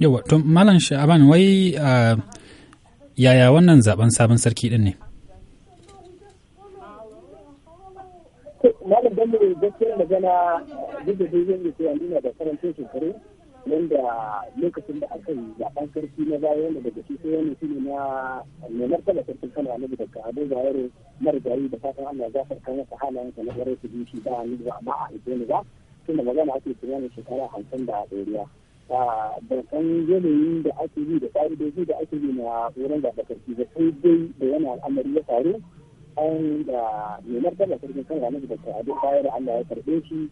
yawa to malam sha'aban wai yaya wannan zaben sabon sarki din ne malam dan mai gaskiya magana duk da dai zan yi nuna da karantun shekaru nan da lokacin da aka yi zaben sarki na baya wanda daga shi sai wani shine na mai martaba sarkin kana annabi da ka abu marigayi da fatan Allah ya farka masa halayen sa na gare su shi ba ni ba a ido ne ba tunda magana ake tunanin shekara hamsin da a ɗoriya da san yanayin da ake yi da ƙa'idoji da ake yi na wurin da sarki da sai dai da yana al'amari ya faru an da nemar da sarkin kan ranar da ta ado bayar Allah ya karɓe shi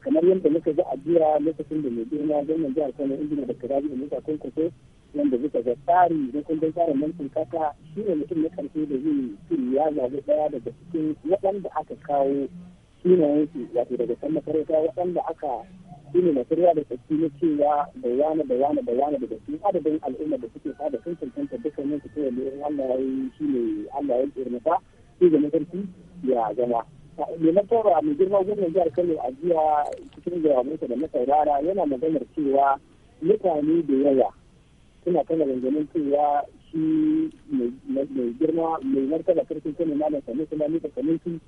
kamar yadda muka ga a jiya lokacin da mai girma gwamnan jihar Kano injina da Kirabi da Musa Kwankwaso wanda zuka ga tsari na kundin tsarin mulkin kasa shi ne mutum na karshe da zai tun ya zaɓi ɗaya daga cikin waɗanda aka kawo sunayensu wato daga san makaranta waɗanda aka su ne masu da tsaki na cewa bayana bayana bayana daga cikin adadin al'umma da suke sada sun cancanta dukkanin su kawai irin Allah ya yi shi ne Allah ya tsirmata shi zama mafarki ya zama. na nasara mai girma gwamnan jihar Kano a jiya cikin jawabansa da na saurara yana maganar cewa mutane da yawa suna kana gangamin cewa shi mai girma mai martaba sarkin Kano malam Sani Sulami da Sanusi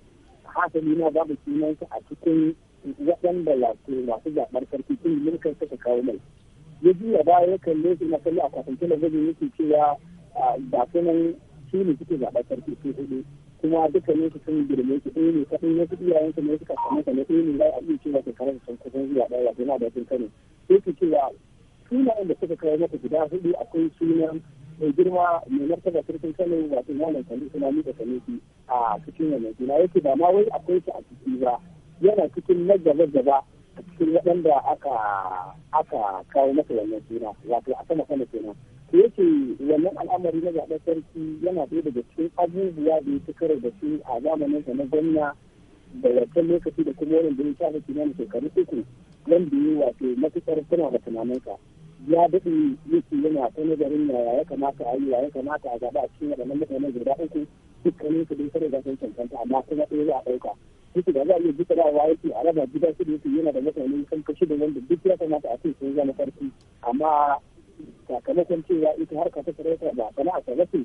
hasali na babu sunansa a cikin waɗanda wato masu zaɓar sarki yi kan suka kawo mai ya juya baya ya kalle su na kalli a kwasan talabijin yake cewa ba su nan su ne suke zaɓar sarki sun hudu kuma ne su sun girme su ɗaya ne kaɗan wasu iyayen su ne suka samu ka ne ɗaya ne za a iya cewa shekarar sun kusan zuwa ɗaya wato yana da sun kane sai cewa sunayen da suka kawo mata guda hudu akwai sunan mai girma mai martaba sarkin kano wato malam kalli suna nuna kalli a cikin wannan suna yake ba ma wai akwai su a ciki ba yana cikin na gaba-gaba a cikin waɗanda aka aka kawo masa wannan suna wato a sama sama kenan ko yake wannan al'amari na zaɓen sarki yana ɗaya daga cikin abubuwa da ya fi da su a zamanin sa na gwamna da wancan lokaci da kuma wanda ya shafa kimanin shekaru uku don ya wato matuƙar suna da tunaninsa ya daɗe yake yana ta nazarin yaya ya kamata a yi ya kamata a zaɓa a cikin waɗannan mutanen guda uku dukkanin su dai kare da sun cancanta amma kuma ɗaya za a ɗauka yake da za a iya wa yake a raba gida su da yake yana da mutane kan kashi da wanda duk ya kamata a ce sun zama farki amma sakamakon cewa ita ka ta sarauta ba a sarauta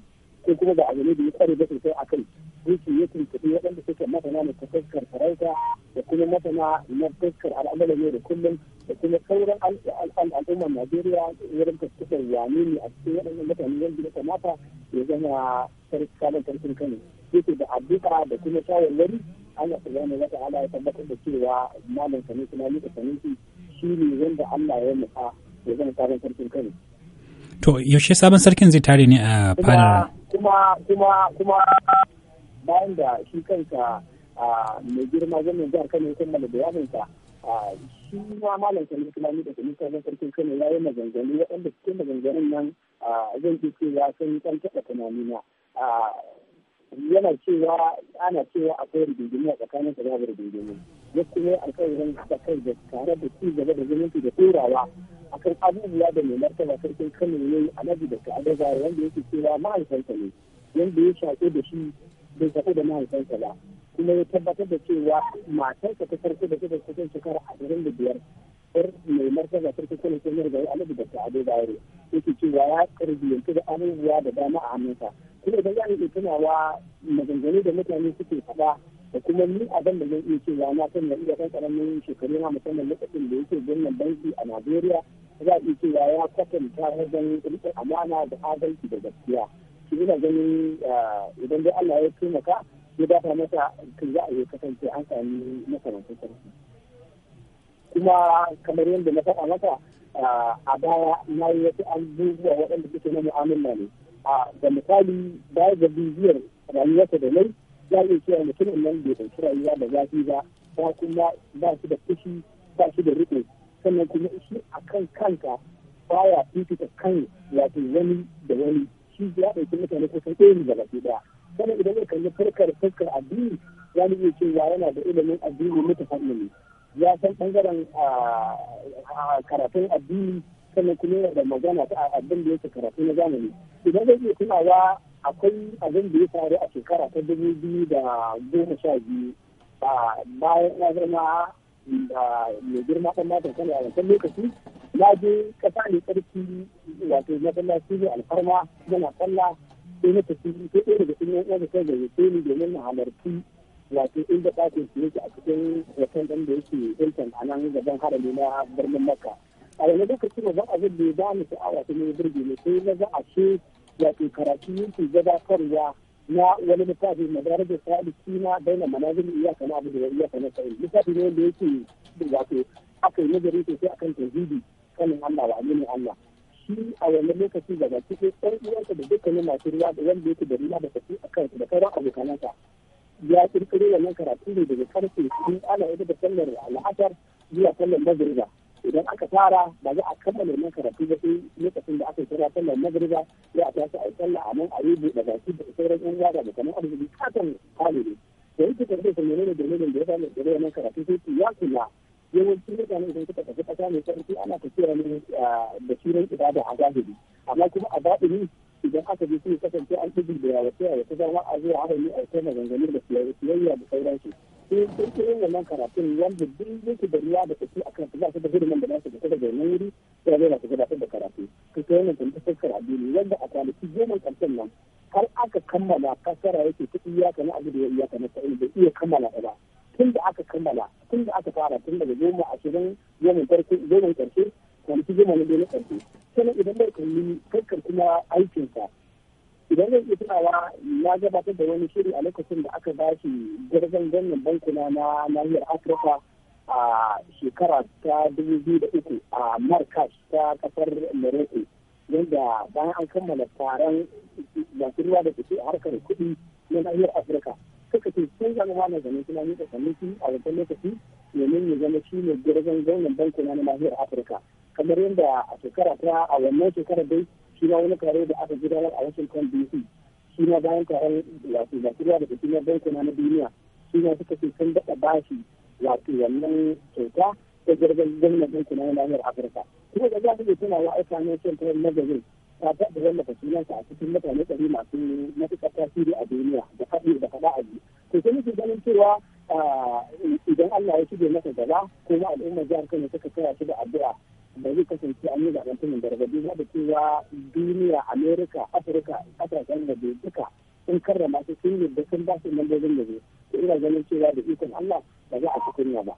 ko kuma ba a ne da ya tsare ba sosai a kai yake ya tuntuɓi waɗanda suke masana na ta fuskar sarauta da kuma masana na fuskar al'amuran yau da kullum da kuma sauran al'umman najeriya wurin fuskar wane a cikin waɗannan mutane yanzu da kamata ya zama sarki kalin sarkin kano yake da addu'a da kuma shawarwari Allah subhanahu wa ta'ala ya tabbatar da cewa malam sanin kuma ni sanin shi ne wanda Allah ya nufa ya zama sabon sarkin Kano to yaushe sabon sarkin zai tare ne a fara kuma kuma kuma bayan da shi kanka mai girma gwamnan jihar Kano ya kammala bayaninsa shi ma malam sani kuma ni sanin sabon sarkin Kano ya yi maganganu waɗanda cikin maganganun nan zan ce cewa sun kan taɓa tunanina yana cewa ana cewa akwai rigingimi a tsakanin da babu rigingimi ya kuma yi alkawarin haɗa kai da tare da ci gaba da zumunci da turawa akan abubuwa da mai martaba sarkin kano ne a nabi da ta'adaza wanda yake cewa mahaifansa ne wanda ya shaƙe da shi bai shaƙe da mahaifansa ba kuma ya tabbatar da cewa matarsa ta farko da ta kusan shekara ashirin da biyar yar mai martaba sarkin kano ta yi alhaji da ta'adaza yake cewa ya yanzu da abubuwa da dama a hannunsa kuma da za yi tunawa maganganu da mutane suke faɗa da kuma ni ban da zan iya cewa na san da iya kan karamin shekaru na musamman lokacin da yake gwamnan banki a najeriya za a iya cewa ya kwatanta wajen riƙe amana da adalci da gaskiya shi ina ganin ah, idan dai allah ya taimaka ya dafa masa kan za a yi kasance an sami makarantar sarki kuma kamar yadda na faɗa maka ah, a baya na yi wasu abubuwa waɗanda suke na mu'amala ne a da misali baya ga bibiyar rayuwarsa da lai ya iya cewa mutumin nan bai dauki rayuwa da zafi ba ba kuma ba shi da fushi ba shi da riƙe sannan kuma shi a kan kanka baya fifita kan wato wani da wani shi ya ɗauki mutane kusan ɗaya ne baki ɗaya sannan idan ya kalli farkar fuskar addini ya iya cewa yana da ilimin addini ne ya san ɓangaren karatun addini sannan kuma yana da magana ta abin da yake karatu na zamani idan zai iya tunawa akwai abin da ya faru a shekara ta dubu biyu da goma sha biyu bayan na zama da mai girma ɗan matan kan yawon kan lokaci na je ƙasa ne ƙarfi wato masallaci ne alfarma yana kalla sai na tafi sai ɗaya daga cikin yan uwa sai da sai ni domin na halarci wato inda ɗakin su yake a cikin wasan ɗan da yake ɗancan a nan gaban harami na birnin makka a wani lokaci na a zai da ba ni sha'awa ta ne burge ne sai na za a ce ke karatu gaba gabatarwa na wani mutane na gara da sa'adu kina baina manazil iyaka na abu da iyaka na sa'in littafi ne wanda yake wato aka yi nazari sosai kan tajibi kanin Allah wa aminin Allah shi a wanne lokaci daga cikin ɗan uwansa da dukkanin masu ruwa da wanda yake da ruwa da tafi a kansa da sauran abokanansa ya kirkiro wannan karatu ne daga karfe shi ana yadda da sallar al'asar zuwa sallar magriba idan aka fara ba za a kammala nan karatu ba sai lokacin da aka yi kira sallar ba sai a tashi a yi sallah a nan a yi buɗe shi da sauran yan uwa da kamar arziki katon hali ne da yake tafiya sun nuna dalilin da ya samu da wannan karatu sai su ya kula yawanci mutane idan suka tafi ƙasa mai sarki ana tafiya ne da shirin ibada a zahiri amma kuma a baɗini idan aka je sun kasance an ɗigi da yawace ta zama a zuwa haka ne a kai zanzanin da siyayya da sauran sun kirkirin wannan karatun wanda duk yake da ruwa da kasu akan su ba da hidiman da za su fita daga wuri sai zai su gabatar da karatu ka kai wannan tantaccen addini wanda a kwanaki goma karshen nan har aka kammala kasara yake ta iyaka na abu da ya iyaka na sa'in da iya kammala ba tun da aka kammala tun da aka fara tun daga goma ashirin goma karshe goma karshe kwanaki goma na goma karshe sannan idan bai kalli kakkar kuma aikinsa idan zai iya tunawa na gabatar da wani shiri a lokacin da aka ba shi gargan ganyen bankuna na nahiyar afirka a shekara ta biyu da uku a markash ta kasar morocco yadda bayan an kammala taron masu ruwa da suke a harkar kuɗi na nahiyar afirka suka ce sun zama ma zane suna nika su a wancan lokaci domin ya zama shi ne gargan ganyen bankuna na nahiyar afirka kamar yadda a shekara ta a wannan shekarar dai shi ma wani taro da aka gudanar a washington dc shi ma bayan taron wato kuma da kuma bankuna na duniya shi ma suka ce sun daɗa bashi wato wannan kyauta ta jirgin gwamnan bankuna na nahiyar afirka kuma da za su iya tunawa a financial times magazine ta taɓa wallafa sunansa a cikin mutane ɗari masu matuƙar tasiri a duniya da faɗi da faɗa a biyu to sai muke ganin cewa ah, idan Allah ya shige masa gaba kuma al'ummar jihar Kano suka kaya shi da addu'a da zai kasance an yi zaben tunan gargadi za da cewa duniya amerika afirka kasashen da bai duka sun karrama su sun yi da sun ba su lambobin da zai ina ganin cewa da ikon allah ba za a cikin kunya ba